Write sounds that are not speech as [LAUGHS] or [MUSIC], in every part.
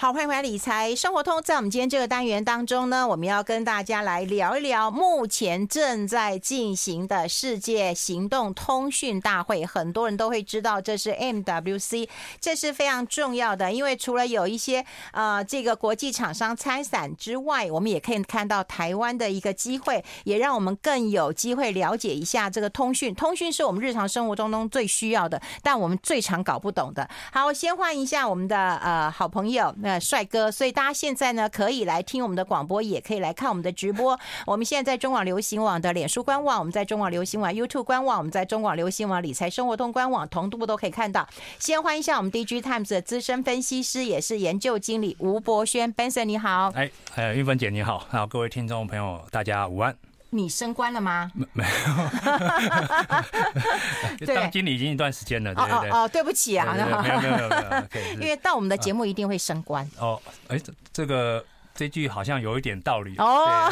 好，歡迎回來理財生活通。在我們今天這個單元當中呢，我們要跟大家來聊一聊目前正在進行的世界行動通訊大會。很多人都會知道，這是 MWC，這是非常重要的，因為除了有一些呃這個國際廠商參展之外，我們也可以看到台灣的一個機會，也讓我們更有機會了解一下這個通訊。通訊是我們日常生活當中最需要的，但我們最常搞不懂的。好，先換一下我們的呃好朋友。呃，帥哥，所以大家現在呢可以來聽我們的廣播，也可以來看我們的直播。我們現在在中廣流行網的臉書官網，我們在中廣流行網 YouTube 官網，我們在中廣流行網理財生活通官網，同步都可以看到。先歡迎一下我們 Digitimes 的資深分析師，也是研究經理吳伯軒 Benson 你好。哎，還、呃、有韻芬姐，你好，好，各位聽眾朋友，大家午安。你升官了嗎？沒有。當經理已經一段時間了，對不對？哦哦，對不起啊，沒有沒有沒有，因為到我們的節目一定會升官。哦，哎，這個這句好像有一點道理。哦，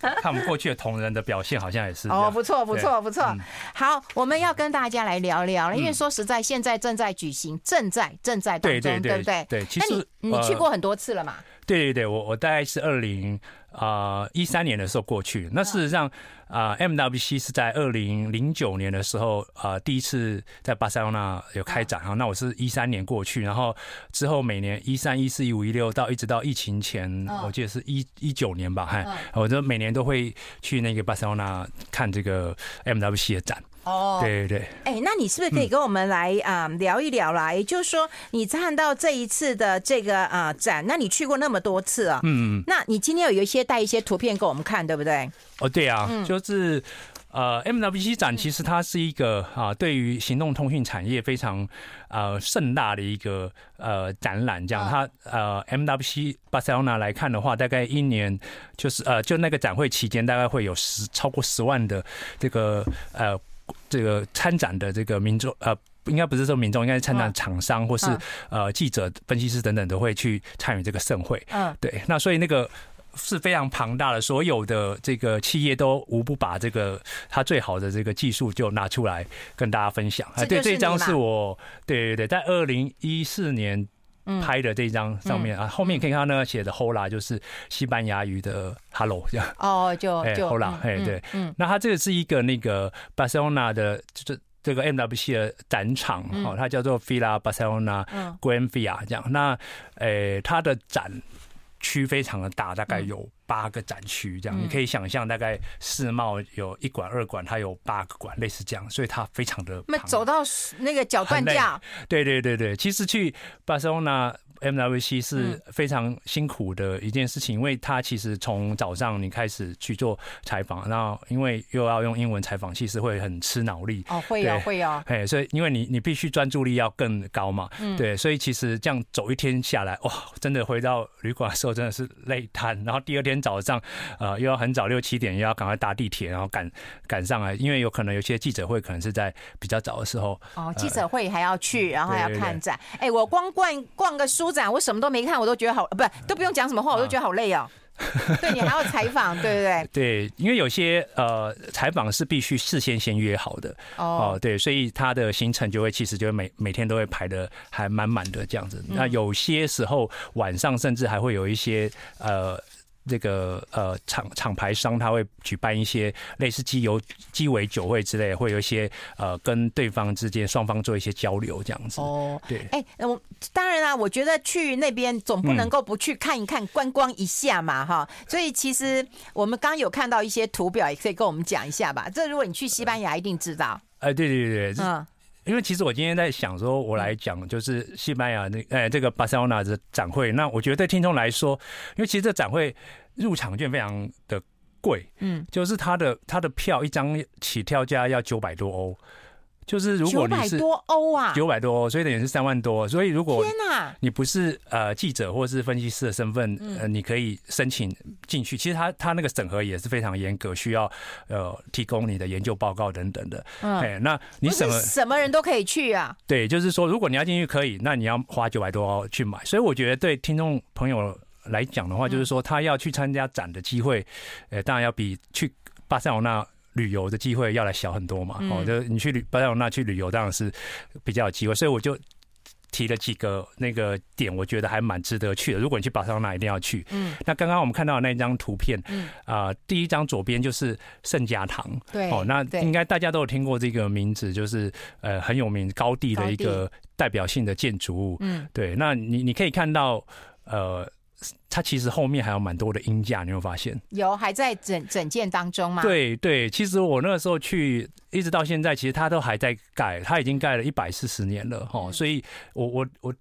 看我們過去的同仁的表現，好像也是哦，不錯不錯不錯。好，我們要跟大家來聊聊了，因為說實在，現在正在舉行，正在正在當中，對對對對，其實你你去過很多次了嘛？對對對，我我大概是二零。啊，一三、呃、年的時候過去，那事實上啊、呃、，MWC 是在二零零九年的時候啊、呃，第一次在巴塞隆納有開展哈。那我是一三年過去，然後之後每年一三、一四、一五、一六，到一直到疫情前，我記得是一一九年吧，還，我就每年都會去那個巴塞隆納看這個 MWC 的展。哦，oh, 對，對對。哎、欸，那你是不是可以跟我們來啊、嗯呃、聊一聊啦？也就是說，你看到這一次的這個啊、呃、展，那你去過那麼多次啊、喔？嗯，那你今天有，有一些帶一些圖片給我們看，對不對？哦，對啊，就是呃，MWC 展其實它是一個啊、嗯呃，對於行動通訊產業非常啊、呃，盛大的一個呃展覽這樣。嗯、它呃，MWC Barcelona 來看的話，大概一年就是呃，就那個展會期間，大概會有十超過十萬的這個呃。這個參展的這個民眾，呃，應該不是說民眾，應該是參展廠商或是呃、嗯嗯、記者、分析師等等都會去參與這個盛會。嗯，對，那所以那個是非常龐大的，所有的這個企業都無不把這個它最好的這個技術就拿出來跟大家分享。啊，對，這一張是我，對對對，對，對，在二零一四年。拍的這張上面，嗯嗯、啊，後面可以看到呢，寫的 Hola 就是西班牙語的 Hello 這樣哦，就，就、欸、就 Hola、嗯欸、對嗯，嗯，那它這個是一個那個巴塞隆納的，就是這、這個 MWC 的展場，嗯，哦，它叫做菲拉巴塞隆納 Grand Via 這樣，嗯，那呃、欸、它的展區非常的大，大概有。八個展區，這樣你可以想象大概世貿有一館、二館，它有八個館，類似這樣，所以它非常的。那走到那個腳斷架，對對對對，其實去巴塞隆納。MWC 是非常辛苦的一件事情，嗯、因為他其實從早上你開始去做採訪，然後因為又要用英文採訪，其實會很吃腦力哦，會呀、哦，對會呀、哦，哎，所以因為你你必須專注力要更高嘛，嗯，對，所以其實這樣走一天下來，哇、哦，真的回到旅館的時候真的是累癱，然後第二天早上，呃，又要很早六七點，又要趕快搭地鐵，然後趕趕上來，因為有可能有些記者會可能是在比較早的時候哦，記者會還要去，呃嗯、然後還要看展，哎、欸，我光逛逛個書。我什麼都沒看，我都覺得好，不都不用講什麼話，我都覺得好累哦。對你還要採訪，對不對？對， [LAUGHS] 因為有些呃採訪是必須事先先約好的哦，對，所以他的行程就會其實就會每每天都會排得還滿滿的這樣子。那有些時候晚上甚至還會有一些呃。這個呃，廠廠牌商他會舉辦一些類似雞油雞尾酒會之類，會有一些呃，跟對方之間雙方做一些交流這樣子。哦，對，哎，我當然啦，啊，我覺得去那邊總不能夠不去看一看觀光一下嘛，哈，嗯哦。所以其實我們剛剛有看到一些圖表，也可以跟我們講一下吧。這如果你去西班牙一定知道。哎，呃呃，對對對對，嗯。因為其實我今天在想，說我來講就是西班牙那，哎這個巴塞羅那的展會，那我覺得對聽眾來說，因為其實這展會入場券非常的貴，嗯，就是他的他的票一張起跳價要九百多歐。就是如果你是九百多歐啊，九百多歐啊、九百多歐，所以等於是三萬多。所以如果天吶，你不是、啊、呃記者或是分析師的身份，嗯、呃，你可以申請進去。其實他他那個審核也是非常嚴格，需要呃提供你的研究報告等等的。哎、嗯，那你什麼什麼人都可以去啊？對，就是說如果你要進去可以，那你要花九百多歐去買。所以我覺得對聽眾朋友來講的話，就是說他要去參加展的機會，嗯、呃，當然要比去巴塞羅那。旅遊的機會要來小很多嘛？嗯、哦，就你去巴塞隆納去旅遊，當然是比較有機會。所以我就提了幾個那個點，我覺得還蠻值得去的。如果你去巴塞隆納，一定要去。嗯，那剛剛我們看到的那一張圖片，嗯，啊、呃，第一張左邊就是聖家堂。嗯哦、對，哦，那應該大家都有聽過這個名字，就是呃很有名高地的一個代表性的建築物。嗯地，對，那你你可以看到呃。它其實後面還有蠻多的鷹架。你有，有發現？有還在整整建當中嗎？對對，其實我那個時候去，一直到現在，其實它都還在蓋，它已經蓋了一百四十年了吼、嗯，所以我我我。我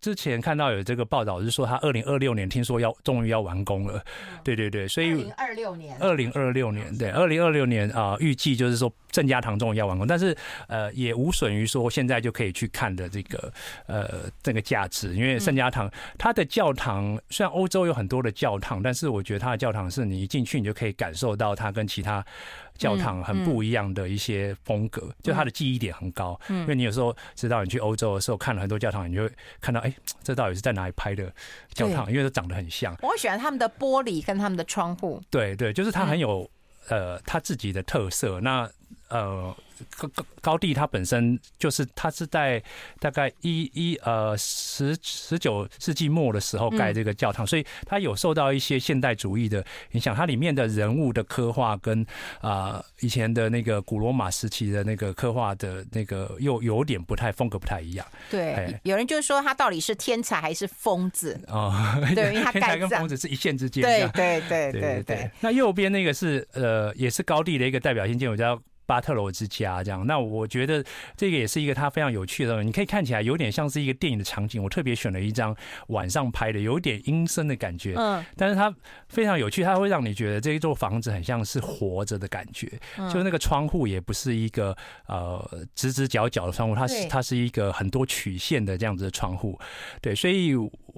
之前看到有這個報道，是說他二零二六年聽說要終於要完工了。對對對，所以二零二六年，二零二六年，對，二零二六年啊，預計就是說聖家堂終於要完工，但是呃，也無損於說現在就可以去看的這個呃這個價值，因為聖家堂它的教堂雖然歐洲有很多的教堂，但是我覺得它的教堂是你一進去你就可以感受到它跟其他。教堂很不一樣的一些風格，嗯、就它的記憶點很高。嗯，因為你有時候知道你去歐洲的時候看了很多教堂，你就會看到，哎、欸，這到底是在哪裡拍的教堂？對因為都長得很像。我喜歡他們的玻璃跟他們的窗戶。對對，就是它很有呃，它自己的特色。那。呃，高高高第，它本身就是它是在大概一一呃十十九世紀末的時候蓋這個教堂，嗯、所以它有受到一些現代主義的影響。它、嗯、裡面的人物的刻畫跟啊、呃、以前的那個古羅馬時期的那個刻畫的，那個又有點不太風格不太一樣。對，哎、有人就說他到底是天才還是瘋子哦？對，因為他天才跟瘋子是一線之間的，對對對對對。那右邊那個是呃，也是高第的一個代表性建築叫。巴特羅之家這樣，那我覺得這個也是一個它非常有趣的東西，你可以看起來有點像是一個電影的場景。我特別選了一張晚上拍的，有點陰森的感覺。嗯，但是它非常有趣，它會讓你覺得這一座房子很像是活着的感覺。就是那個窗戶也不是一個呃直直角角的窗戶，它是它是一個很多曲線的這樣子的窗戶。對，所以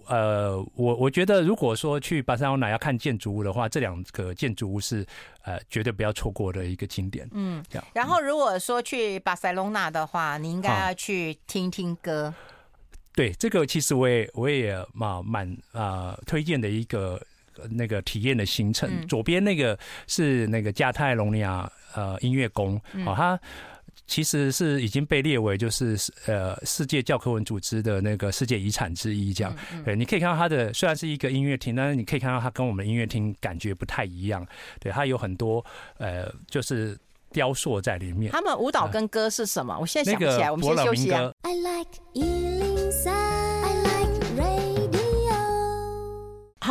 呃，我我覺得如果說去巴塞羅那要看建築物的話，這兩個建築物是呃絕對不要錯過的一個景點。嗯。然後，如果說去巴塞隆納的話，嗯、你應該要去聽聽歌。對，這個其實我也我也蠻蠻啊、呃，推薦的一個、呃、那個體驗的行程。嗯、左邊那個是那個加泰隆尼亞呃音樂宮，嗯、哦，它其實是已經被列為就是呃世界教科文組織的那個世界遺產之一。這樣，對、嗯嗯呃，你可以看到它的雖然是一個音樂廳，但是你可以看到它跟我們的音樂廳感覺不太一樣。對，它有很多呃，就是。雕塑在裡面。他們舞蹈跟歌是什麼？嗯、我現在想不起來，我們先休息一下。I like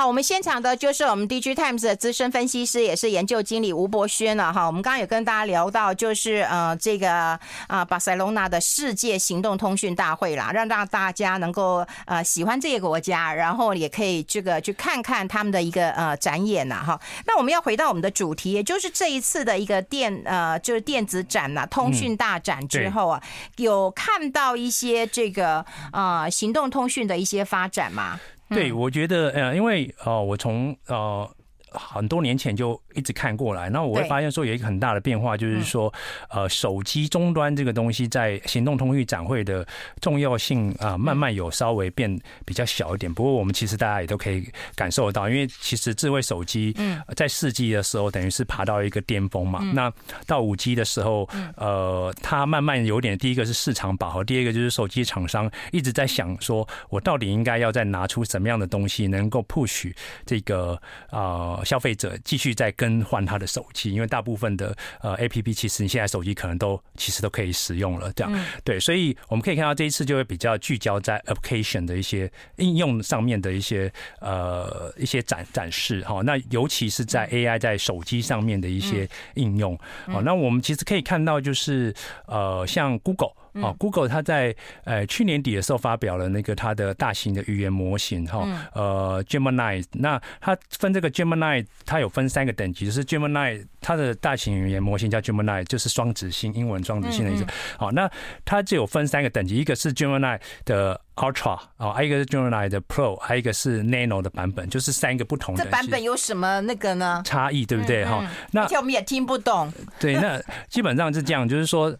我們現場的就是我們 Digitimes 的資深分析師，也是研究經理吳伯軒了哈。我們剛剛跟大家聊到，就是呃，這個啊，巴塞隆納的世界行動通訊大會啦，讓讓大家能夠呃喜歡這個國家，然後也可以這個去看看他們的一個呃展演吶、啊、哈。那我們要回到我們的主題，也就是這一次的一個電呃，就是電子展吶、啊，通訊大展之後啊，有看到一些這個呃行動通訊的一些發展嗎？對，嗯、我覺得，哎、呃、呀，因為哦、呃，我從哦，呃很多年前就一直看過來，那我會發現說有一個很大的變化，就是說，嗯、呃，手機終端這個東西在行動通訊展會的重要性啊、呃，慢慢有稍微變比較小一點。嗯、不過我們其實大家也都可以感受到，因為其實智慧手機嗯，在四 G 的時候等於是爬到一個巔峰嘛，嗯、那到五 G 的時候，呃，它慢慢有點第一個是市場飽和，第二個就是手機廠商一直在想說，我到底應該要再拿出什麼樣的東西能夠 push 這個啊。呃消費者繼續在更換他的手機，因為大部分的呃 APP 其實你現在手機可能都其實都可以使用了，這樣、嗯、對，所以我們可以看到這一次就會比較聚焦在 Application 的一些應用上面的一些呃一些展展示哈。那尤其是在 AI 在手機上面的一些應用，好，那我們其實可以看到就是呃像 Google。哦，Google 它在呃去年底的時候發表了那個它的大型的語言模型哈，嗯、呃，Gemini。Gemini, 那它分這個 Gemini，它有分三個等級，就是 Gemini 它的大型語言模型叫 Gemini，就是雙子星英文雙子星的意思。嗯、好，那它就有分三個等級，一個是 Gemini 的 Ultra，哦，還有一個是 Gemini 的 Pro，還有一個是 Nano 的版本，就是三個不同的這版本有什麼那個呢差異對不對？哈、嗯，那、嗯、而且我們也聽不懂。對，那基本上是這樣， [LAUGHS] 就是說。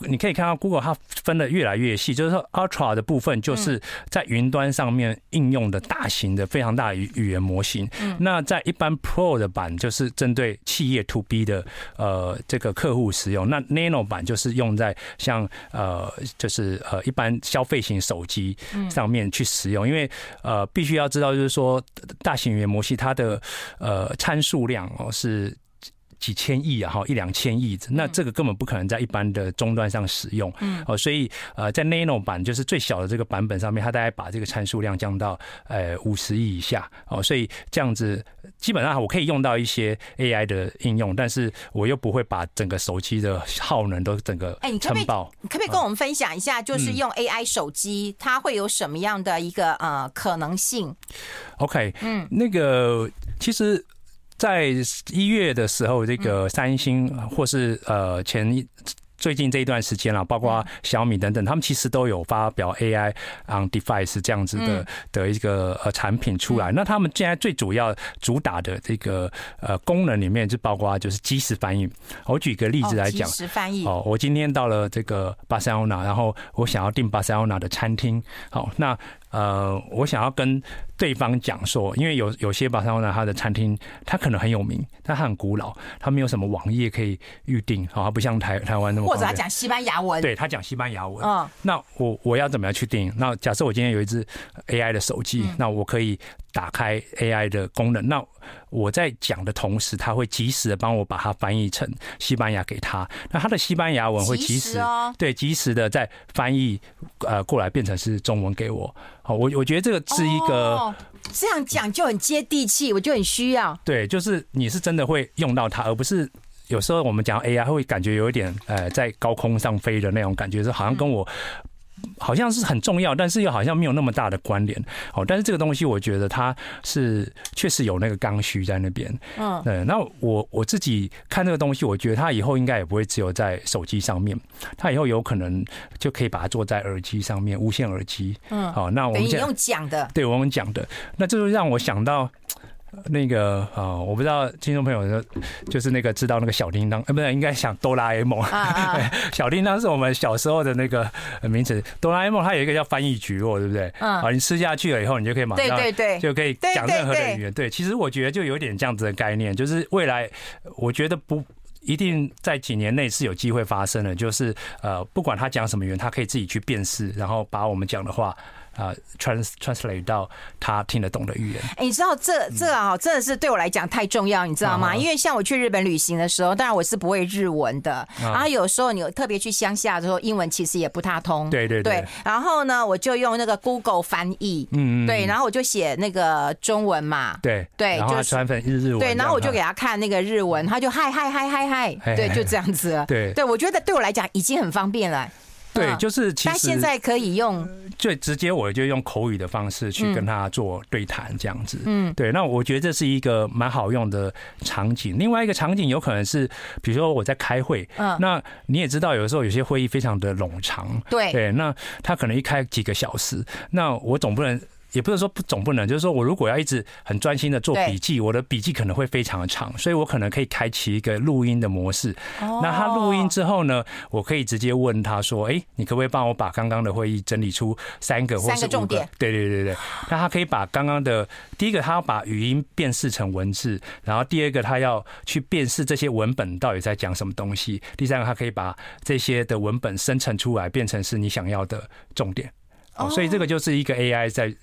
你可以看到 Google 它分得越來越細，就是說 Ultra 的部分就是在雲端上面應用的大型的非常大的語言模型，嗯，那在一般 Pro 的版就是針對企業 To B 的呃這個客戶使用，那 Nano 版就是用在像呃就是呃一般消費型手機上面去使用，因為呃必須要知道就是說大型語言模型它的呃參數量哦是。幾千億啊，哈，一兩千億，那這個根本不可能在一般的終端上使用，嗯，哦，所以呃，在 Nano 版就是最小的這個版本上面，它大概把這個參數量降到呃五十億以下，哦，所以這樣子基本上我可以用到一些 AI 的應用，但是我又不會把整個手機的耗能都整個撐爆。哎、欸，你可不可以，你可不可以跟我們分享一下，就是用 AI 手機它會有什麼樣的一個、嗯、呃可能性？OK，嗯，那個其實。1 在一月的時候，這個三星或是呃前一。最近這一段時間啊，包括小米等等，他們其實都有發表 AI on device 這樣子的的一個呃產品出來。那他們現在最主要主打的這個呃功能裡面，就包括就是即時翻譯。我舉個例子來講，即時翻譯。哦，我今天到了這個巴塞隆納，然後我想要訂巴塞隆納的餐廳。好，那呃，我想要跟對方講說，因為有有些巴塞隆納它的餐廳，它可能很有名，但它很古老，它沒有什麼網頁可以預定。好，它不像台台灣那麼。或者他講西班牙文，對他講西班牙文。嗯，那我我要怎麼樣去定？那假設我今天有一支 AI 的手機，那我可以打開 AI 的功能。那我在講的同時，他會及時的幫我把它翻譯成西班牙給他。那他的西班牙文會及時，即時、哦、對及時的再翻譯呃過來變成是中文給我。好，我我覺得這個是一個、哦、這樣講就很接地氣，我就很需要。對，就是你是真的會用到它，而不是。有時候我們講 AI 會感覺有一點，呃，在高空上飛的那種感覺，是好像跟我，好像是很重要，但是又好像沒有那麼大的關聯。哦，但是這個東西我覺得它是確實有那個剛需在那邊。嗯，那我我自己看這個東西，我覺得它以後應該也不會只有在手機上面，它以後有可能就可以把它做在耳機上面，無線耳機。嗯。哦，那我們用講的，對我們講的，那這就讓我想到。那個啊、哦，我不知道聽眾朋友的，就是那個知道，那個小叮當呃，欸、不是應該想哆啦 A 夢。小叮當是我們小時候的那個名詞。哆啦 A 夢它有一個叫翻譯蒟蒻哦，對不對？啊，你吃下去了以後，你就可以馬上對對對，就可以講任何的語言。對，對，對，對，對，其實我覺得就有點這樣子的概念，就是未來我覺得不一定在幾年內是有機會發生的，就是呃，不管他講什麼語言，他可以自己去辨識，然後把我們講的話。啊，trans translate 到他聽得懂的語言。哎，你知道這這啊，真的是對我來講太重要，你知道嗎？因為像我去日本旅行的時候，當然我是不會日文的，然後有時候你特別去鄉下之後，英文其實也不太通。對對對。然後呢，我就用那個 Google 翻譯，嗯，對，然後我就寫那個中文嘛，對對，就是傳粉日日文，對，然後我就給他看那個日文，他就嗨嗨嗨嗨嗨，對，就這樣子，對，對我覺得對我來講已經很方便了。對，就是其實他現在可以用最直接，我就用口語的方式去跟他做對談，這樣子。嗯，對，那我覺得這是一個蠻好用的場景。另外一個場景有可能是，比如說我在開會，啊那你也知道，有時候有些會議非常的冗長，對對，那他可能一開幾個小時，那我總不能。也不是說不總不能，就是說我如果要一直很專心的做筆記，我的筆記可能會非常的長，所以我可能可以開啟一個錄音的模式。那他錄音之後呢，我可以直接問他說：“誒，你可不可以幫我把剛剛的會議整理出三個或者五個？”對對對對，對，那他可以把剛剛的第一個，他要把語音辨識成文字，然後第二個他要去辨識這些文本到底在講什麼東西，第三個他可以把這些的文本生成出來，變成是你想要的重點。哦，所以這個就是一個 AI 在。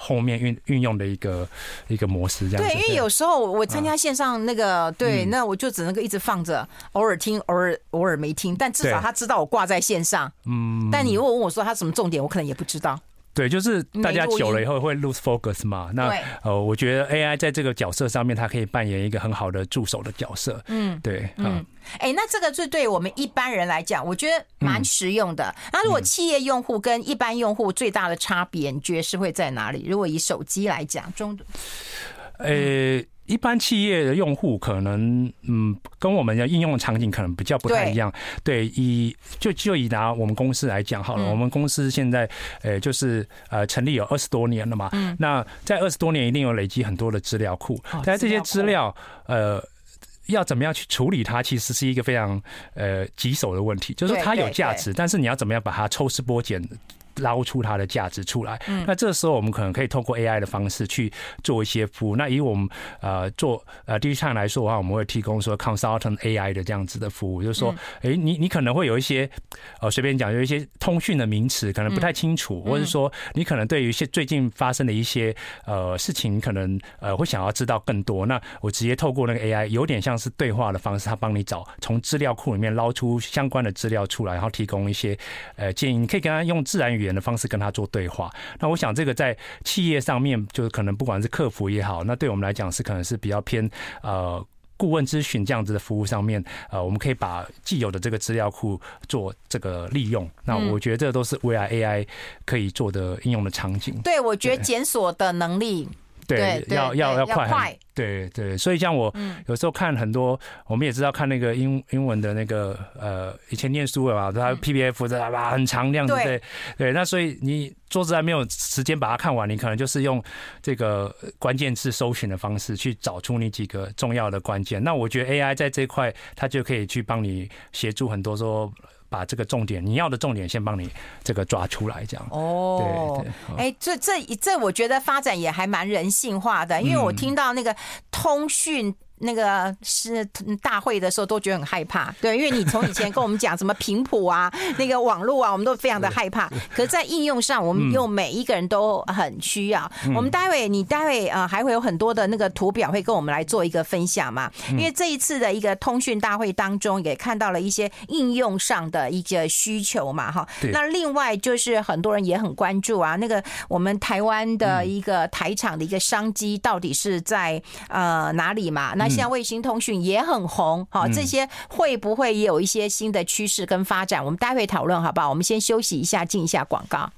後面運運用的一個一個模式，這樣子對，因為有時候我參加線上那個、啊、對，那我就只能夠一直放着，偶爾聽，偶爾偶爾沒聽，但至少他知道我掛在線上，嗯對，但你如果問我說他什麼重點，我可能也不知道。對，就是大家久了以後會 lose focus 嘛。那對呃，我覺得 AI 在這個角色上面，它可以扮演一個很好的助手的角色。嗯，對，嗯，哎、欸，那這個是對我們一般人來講，我覺得蠻實用的。嗯、那如果企業用戶跟一般用戶最大的差別，你覺得是會在哪裡？如果以手機來講，中，呃、欸。一般企業的用戶可能，嗯，跟我們的應用場景可能比較不太一樣。對，對，以就就以拿我們公司來講好了，嗯、我們公司現在呃就是呃成立有二十多年了嘛。嗯。那在二十多年一定有累積很多的資料庫，哦、但是這些資料，料呃要怎麼樣去處理它，其實是一個非常呃棘手的問題。就是說它有價值。對對對，但是你要怎麼樣把它抽絲剝繭。撈出它的價值出來。那這個時候，我們可能可以透過 AI 的方式去做一些服務。嗯、那以我們呃做呃 DIGITIMES 來說的話，我們會提供說 consultant AI 的這樣子的服務，就是說，哎、嗯欸，你你可能會有一些呃隨便講，有一些通訊的名詞可能不太清楚，嗯、或者說你可能對於一些最近發生的一些呃事情，可能呃會想要知道更多。那我直接透過那個 AI，有點像是對話的方式，他幫你找從資料庫裡面撈出相關的資料出來，然後提供一些呃建議。你可以跟他用自然語。語言的方式跟他做對話，那我想這個在企業上面，就是可能不管是客服也好，那對我們來講是可能是比較偏呃顧問諮詢這樣子的服務上面，呃，我們可以把既有的這個資料庫做這個利用。那我覺得這都是未來 AI 可以做的應用的場景。嗯、對，我覺得檢索的能力。對，對要對要對要快，很對對，所以像我有時候看很多，嗯、我們也知道看那個英英文的那個呃，以前念書啊，它 P P F 在、嗯、很長那樣，對對，對，對，那所以你桌子還沒有時間把它看完，你可能就是用這個關鍵字搜尋的方式去找出你幾個重要的關鍵。那我覺得 A I 在這塊它就可以去幫你協助很多說。把這個重點，你要的重點先幫你這個抓出來，這樣。哦，對對。哎、欸，這這這，這我覺得發展也還蠻人性化的，嗯、因為我聽到那個通訊。那個是大會的時候都覺得很害怕，對，因為你從以前跟我們講什麼頻譜啊、 [LAUGHS] 那個網絡啊，我們都非常的害怕。可是，在應用上，我們又每一個人都很需要。嗯、我們待會你待會呃還會有很多的那個圖表會跟我們來做一個分享嘛。因為這一次的一個通訊大會當中，也看到了一些應用上的一個需求嘛，哈。對。那另外就是很多人也很關注啊，那個我們台灣的一個台廠的一個商機到底是在呃哪裡嘛？那像衛星通訊也很紅，哈，這些會不會也有一些新的趨勢跟發展？我們待會討論好不好？我們先休息一下，進一下廣告。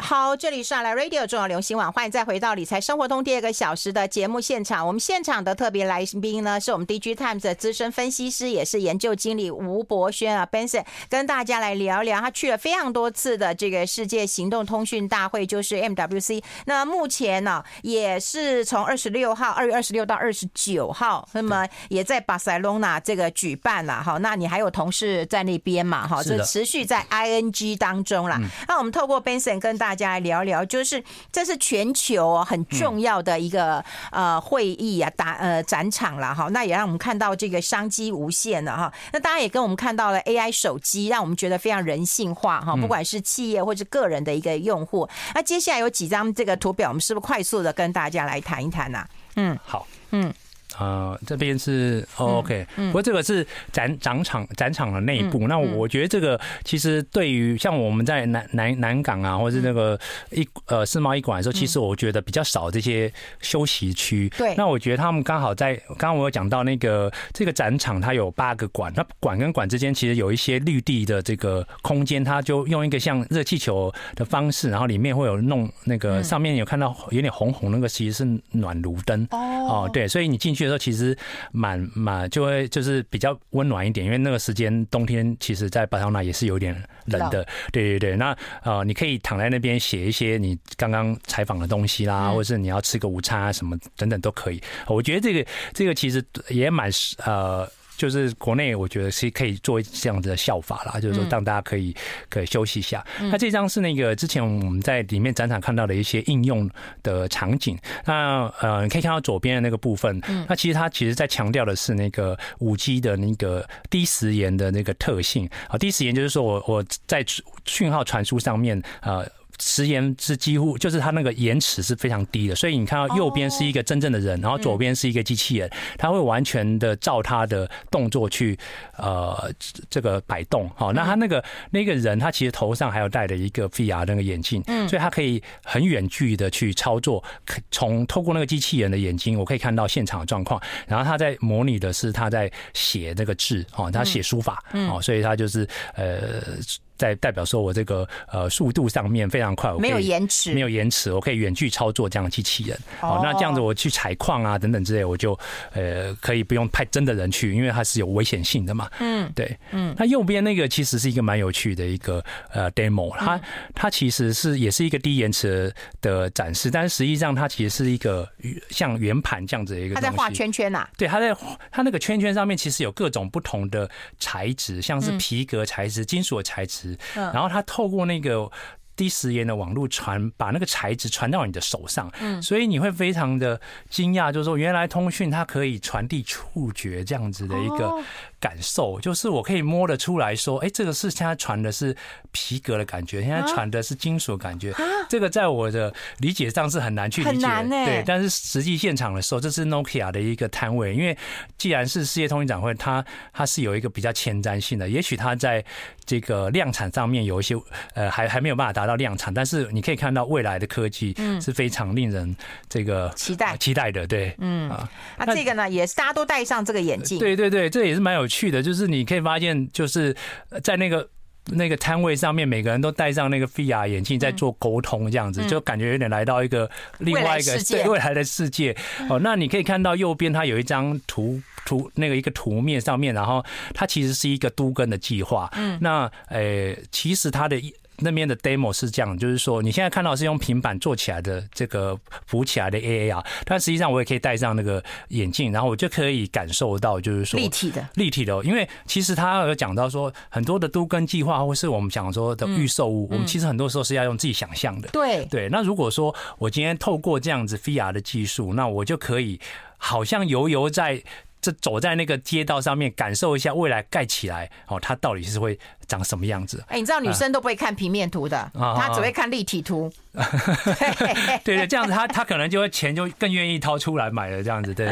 好，這裡是《來 Radio 中廣流行網》，歡迎再回到《理財生活通》第二個小時的節目現場。我們現場的特別來賓呢，是我們 Digitimes 的資深分析師，也是研究經理吳伯軒啊，Benson 跟大家來聊聊。他去了非常多次的這個世界行動通訊大會，就是 MWC。那目前呢、啊，也是從二十六號，二月二十六到二十九號，對那麼也在巴塞隆納這個舉辦了哈。那你還有同事在那邊嘛？哈，就持續在 ING 當中啦。的那我們透過 Benson 跟大家大家來聊一聊，就是這是全球很重要的一個呃會議啊，打呃、嗯、展場了哈。那也讓我們看到這個商機無限了哈。那大家也跟我們看到了 AI 手機，讓我們覺得非常人性化哈。不管是企業或者個人的一個用戶，嗯、那接下來有幾張這個圖表，我們是不是快速的跟大家來談一談呢、啊？嗯，好，嗯。啊、呃，這邊是、嗯哦、OK，、嗯嗯、不過這個是展展場展場的內部。嗯嗯、那我覺得這個其實對於像我們在南南南港啊，或是那個一呃世貿一館的時候，嗯、其實我覺得比較少這些休息區。對、嗯。那我覺得他們剛好在剛剛我有講到那個這個展場它有八個館，那館跟館之間其實有一些綠地的這個空間，它就用一個像熱氣球的方式，然後裡面會有弄那個、嗯、上面有，有看到有點紅紅那個，其實是暖爐燈。哦。哦、呃，對，所以你進去，其實蠻蠻就會就是比較溫暖一點，因為那個時間冬天其實，在巴塞隆納也是有點冷的。對對對，那呃，你可以躺在那邊寫一些你剛剛採訪的東西啦，或是你要吃個午餐啊什麼等等都可以。我覺得這個這個其實也蠻呃。就是國內，我覺得是可以做這樣子的效法啦，就是說讓大家可以可以休息一下。嗯、那這張是那個之前我們在裡面展場看到的一些應用的場景。那呃，你可以看到左邊的那個部分，那其實它，其實在強調的是那個五 G 的那個低時延的那個特性啊。低時延就是說我我在訊號傳輸上面啊、呃。遲延是幾乎就是他那個延遲是非常低的，所以你看到右邊是一個真正的人，然後左邊是一個機器人，他會完全的照他的動作去呃這個擺動。好，那他那個那個人，他其實頭上還有戴着一個 VR 那個眼鏡，所以他可以很遠距離的去操作。從透過那個機器人的眼睛，我可以看到現場的狀況。然後他在模擬的是他在寫那個字，哦，他寫書法，哦，所以他就是呃。在代表說，我這個呃速度上面非常快，沒有延遲，沒有延遲，我可以遠距操作這樣的機器人。哦，哦、那這樣子我去採礦啊等等之類，我就呃可以不用派真的人去，因為它是有危險性的嘛。嗯，對，嗯。那右邊那個其實是一個蠻有趣的一個呃 demo，它、嗯、它其實是也是一個低延遲的展示，但是實際上它其實是一個像圓盤這樣子的一個，它在畫圈圈吶、啊。對，它在它那個圈圈上面其實有各種不同的材質，像是皮革材質、金屬的材質。嗯、然後他透過那個低時延的網絡傳，把那個材質傳到你的手上，所以你會非常的驚訝，就是說原來通訊它可以傳遞觸覺這樣子的一個。感受就是我可以摸得出來說，哎，這個是現在傳的是皮革的感覺，現在傳的是金屬的感覺。這個在我的理解上是很難去理解的，對。但是實際現場的時候，這是 Nokia 的一個攤位，因為既然是世界通訊展會，它它是有一個比較前瞻性的，也許它在這個量產上面有一些呃還還沒有辦法達到量產，但是你可以看到未來的科技是非常令人這個期待期待的，對，嗯啊，那這個呢，也是大家都戴上這個眼鏡，對對對，這也是蠻有。去的，就是你可以發現，就是在那個那個攤位上面，每個人都戴上那個 VR 眼鏡在做溝通，這樣子就感覺有點來到一個另外一個對未來的世界。哦，那你可以看到右邊它有一張圖圖，那個一個圖面上面，然後它其實是一個都更的計劃。嗯，那呃，其實它的一。那邊的 demo 是這樣，就是說你現在看到是用平板做起來的這個浮起來的、A、AR，但實際上我也可以戴上那個眼鏡，然後我就可以感受到，就是說立體的立體的。哦。因為其實他有講到說，很多的都跟計劃或是我們講說的預售屋，我們其實很多時候是要用自己想象的。對對，那如果說我今天透過這樣子 VR 的技術，那我就可以好像遊遊在這走在那個街道上面，感受一下未來蓋起來哦，它到底是會長什麼樣子？哎，你知道女生都不會看平面圖的，她只會看立體圖。對對，這樣子，她她可能就會錢就更願意掏出來買了這樣子，對。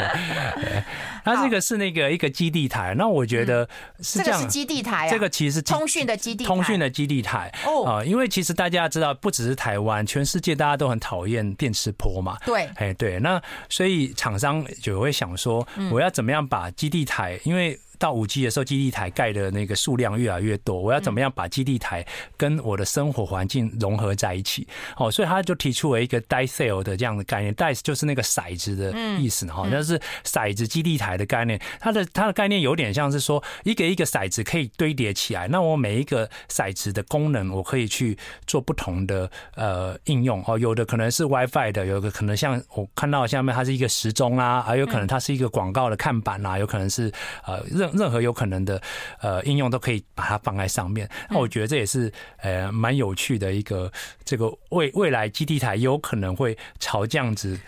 她這個是那個一個基地台，那我覺得是這樣。這個是基地台，這個其實通訊的基地，通訊的基地台哦。啊，因為其實大家知道，不只是台灣，全世界大家都很討厭電磁波嘛。對，哎對，那所以廠商就會想說，我要怎麼樣把基地台，因為。到五 G 的時候，基地台蓋的那個數量越來越多。我要怎麼樣把基地台跟我的生活環境融合在一起？哦，所以他就提出了一個 dice cell 的這樣的概念，dice 就是那個骰子的意思，好像是骰子基地台的概念。它的它的概念有點像是說，一個一個骰子可以堆疊起來。那我每一個骰子的功能，我可以去做不同的呃應用哦。有的可能是 WiFi 的，有的可能像我看到下面它是一個時鐘啊，啊，還有可能它是一個廣告的看板啊，有可能是呃熱。任何有可能的呃應用都可以把它放在上面，那我覺得這也是呃蠻有趣的一個這個未未來基地台有可能會朝這樣子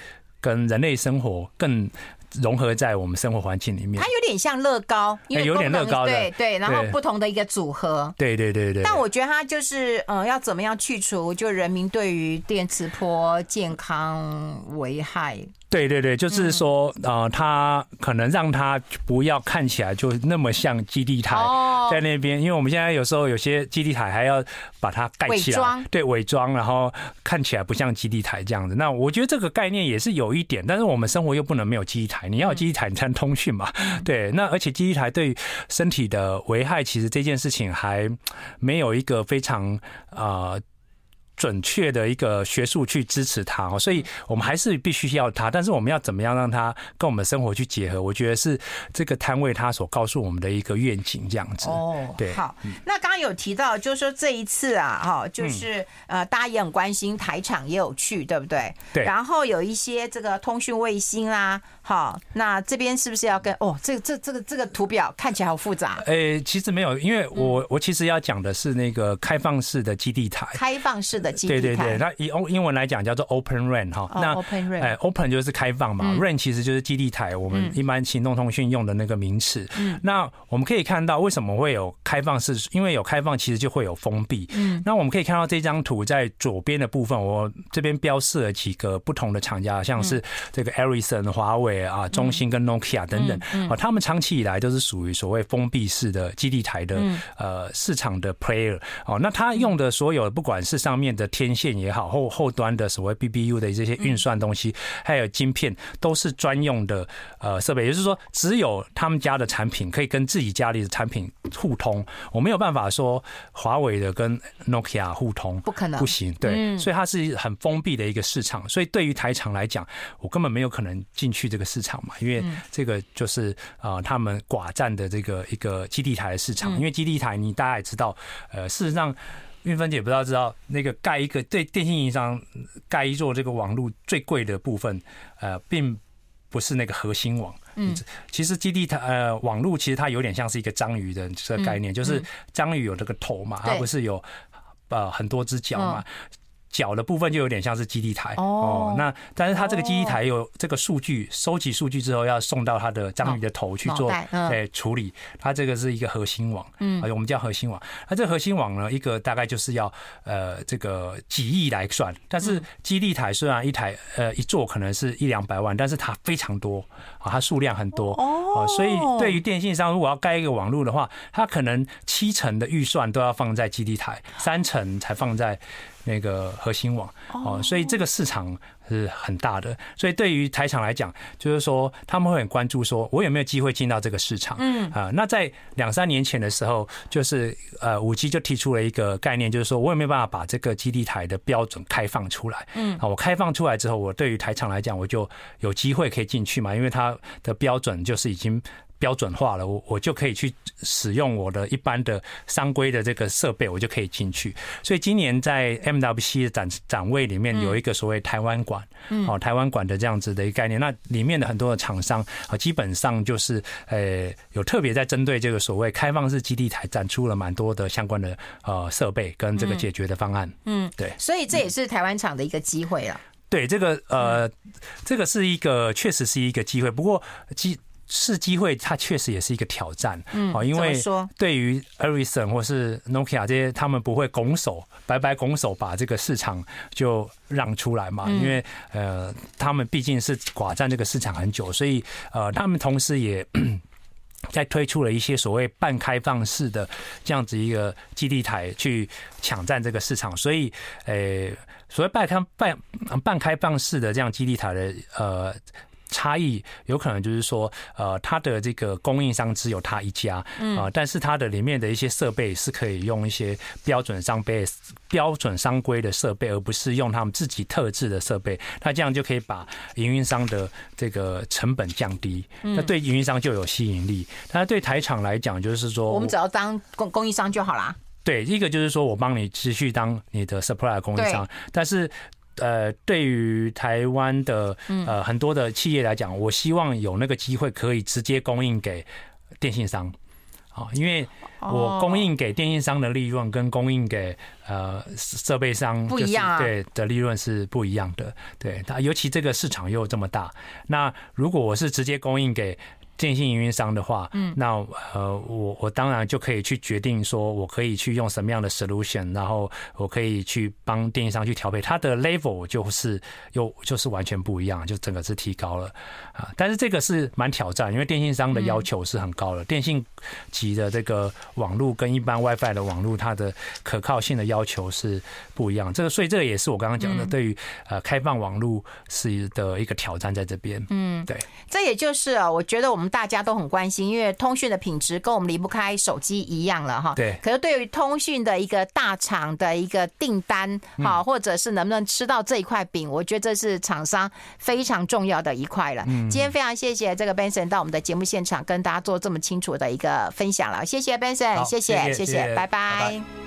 跟人類生活更融合在我們生活環境裡面。它有點像樂高，因為、欸、有點樂高的對，對，然後不同的一個組合，對對對對。但我覺得它就是呃，要怎麼樣去除就人民對於電磁波健康危害。對對對，就是說，呃，他可能讓他不要看起來就那麼像基地台在那邊，因為我們現在有時候有些基地台還要把它蓋起來，對，偽裝，然後看起來不像基地台這樣子。那我覺得這個概念也是有一點，但是我們生活又不能沒有基地台，你要有基地台，你才通訊嘛。對，那而且基地台對身體的危害，其實這件事情還沒有一個非常啊、呃。準確的一個學術去支持他，哦，所以我們還是必須要他。但是我們要怎麼樣讓他跟我們的生活去結合？我覺得是這個攤位他所告訴我們的一個願景這樣子哦。對，好，嗯、那剛剛有提到，就是說這一次啊，哈，就是、嗯、呃，大家也很關心台廠也有去，對不對？對。然後有一些這個通訊衛星啦、啊。好，那這邊是不是要跟哦？這這這個這個圖表看起來好複雜。哎，其實沒有，因為我我其實要講的是那個開放式的基地台。開放式的基地台，對對對，那以英英文來講叫做 Open RAN 哈。那 Open RAN。誒，Open 就是開放嘛，RAN 其實就是基地台，我們一般行動通訊用的那個名詞。嗯。那我們可以看到為什麼會有開放式？因為有開放，其實就會有封閉。嗯。那我們可以看到這張圖在左邊的部分，我這邊標示了幾個不同的廠家，像是這個 Ericsson 華為。啊，中興跟 Nokia 等等，啊、嗯，嗯、他們長期以來都是屬於所謂封閉式的基地台的、嗯、呃市場的 player 哦，那他用的所有不管是上面的天線也好，後後端的所謂 BBU 的這些運算東西，嗯、還有晶片都是專用的呃設備，也就是說只有他們家的產品可以跟自己家裡的產品互通，我沒有辦法說華為的跟 Nokia 互通，不可能，不行，對，嗯、所以它是很封閉的一個市場，所以對於台廠來講，我根本沒有可能進去這個市場。市場嘛，因為這個就是啊、呃，他們寡占的這個一個基地台的市場。因為基地台，你大家也知道，呃，事實上，韻芬姐不知道知道，那個蓋一個對電信運營商蓋一座這個網絡最貴的部分，呃，並不是那個核心網。嗯，其實基地台呃網絡其實它有點像是一個章魚的這個概念，就是章魚有這個頭嘛，它不是有呃很多只腳嘛。腳的部分就有點像是基地台哦，那、嗯、但是它這個基地台有這個數據、哦、收集數據之後要送到它的章魚的頭去做哎、哦呃、處理，它這個是一個核心網，嗯，我們叫核心網，那這個核心網呢一個大概就是要呃這個幾億來算，但是基地台雖然一台呃一座可能是一兩百萬，但是它非常多。它數量很多哦，所以對於電信商，如果要蓋一個網絡的話，它可能七成的預算都要放在基地台，三成才放在那個核心網哦，所以這個市場，是很大的，所以對於台廠來講，就是說他們會很關注，說我有沒有機會進到這個市場。嗯啊，那在兩三年前的時候，就是呃，五 G 就提出了一個概念，就是說我有沒有辦法把這個基地台的標準開放出來？嗯啊，我開放出來之後，我對於台廠來講，我就有機會可以進去嘛，因為它的標準就是已經。標準化了，我我就可以去使用我的一般的商規的這個設備，我就可以進去。所以今年在 MWC 的展展位裡面有一個所謂台灣館，哦、嗯嗯喔，台灣館的這樣子的一個概念。那裡面的很多的廠商啊，基本上就是呃，有特別在針對這個所謂開放式基地台展出了蠻多的相關的呃設備跟這個解決的方案。嗯，對，嗯、所以這也是台灣廠的一個機會了。對，這個呃，這個是一個確實是一個機會，不過機。是機會，它確實也是一個挑戰。嗯，好，因為對於 Ericsson 或是 Nokia、ok、這些，嗯、他們不會拱手白白拱手把這個市場就讓出來嘛？嗯、因為呃，他們畢竟是寡占這個市場很久，所以呃，他們同時也在推出了一些所謂半開放式的這樣子一個基地台去搶占這個市場。所以，呃、所謂半開半半開放式的這樣基地台的呃。差異有可能就是說，呃，它的這個供應商只有他一家，啊，但是它的裡面的一些設備是可以用一些標準設備、標準商規的設備，而不是用他們自己特制的設備。那這樣就可以把營運商的這個成本降低，那對營運商就有吸引力。那對台廠來講，就是說，我們只要當供供應商就好了。對，一個就是說我幫你持續當你的 supply 供應商，但是。呃，對於台灣的呃很多的企業來講，我希望有那個機會可以直接供應給電信商，因為我供應給電信商的利潤跟供應給呃設備商不一樣，對的利潤是不一樣的，對它尤其這個市場又這麼大，那如果我是直接供應給。電信運營商的話，嗯，那呃，我我當然就可以去決定說，我可以去用什麼樣的 solution，然後我可以去幫電信商去調配。它的 level 就是又就是完全不一樣，就整個是提高了啊、呃。但是這個是蠻挑戰，因為電信商的要求是很高的，嗯、電信級的這個網絡跟一般 WiFi 的網絡，它的可靠性的要求是不一樣。這個所以這個也是我剛剛講的對、呃，對於呃開放網絡是的一個挑戰在這邊。嗯，對嗯，這也就是啊，我覺得我們。大家都很關心，因為通訊的品質跟我們離不開手機一樣了，哈。對。可是對於通訊的一個大廠的一個訂單，哈，嗯，或者是能不能吃到這一塊餅，我覺得這是廠商非常重要的一塊了。嗯。今天非常謝謝這個 Benson 到我們的節目現場跟大家做這麼清楚的一個分享了，謝謝 Benson，謝謝好謝謝，拜拜。拜拜。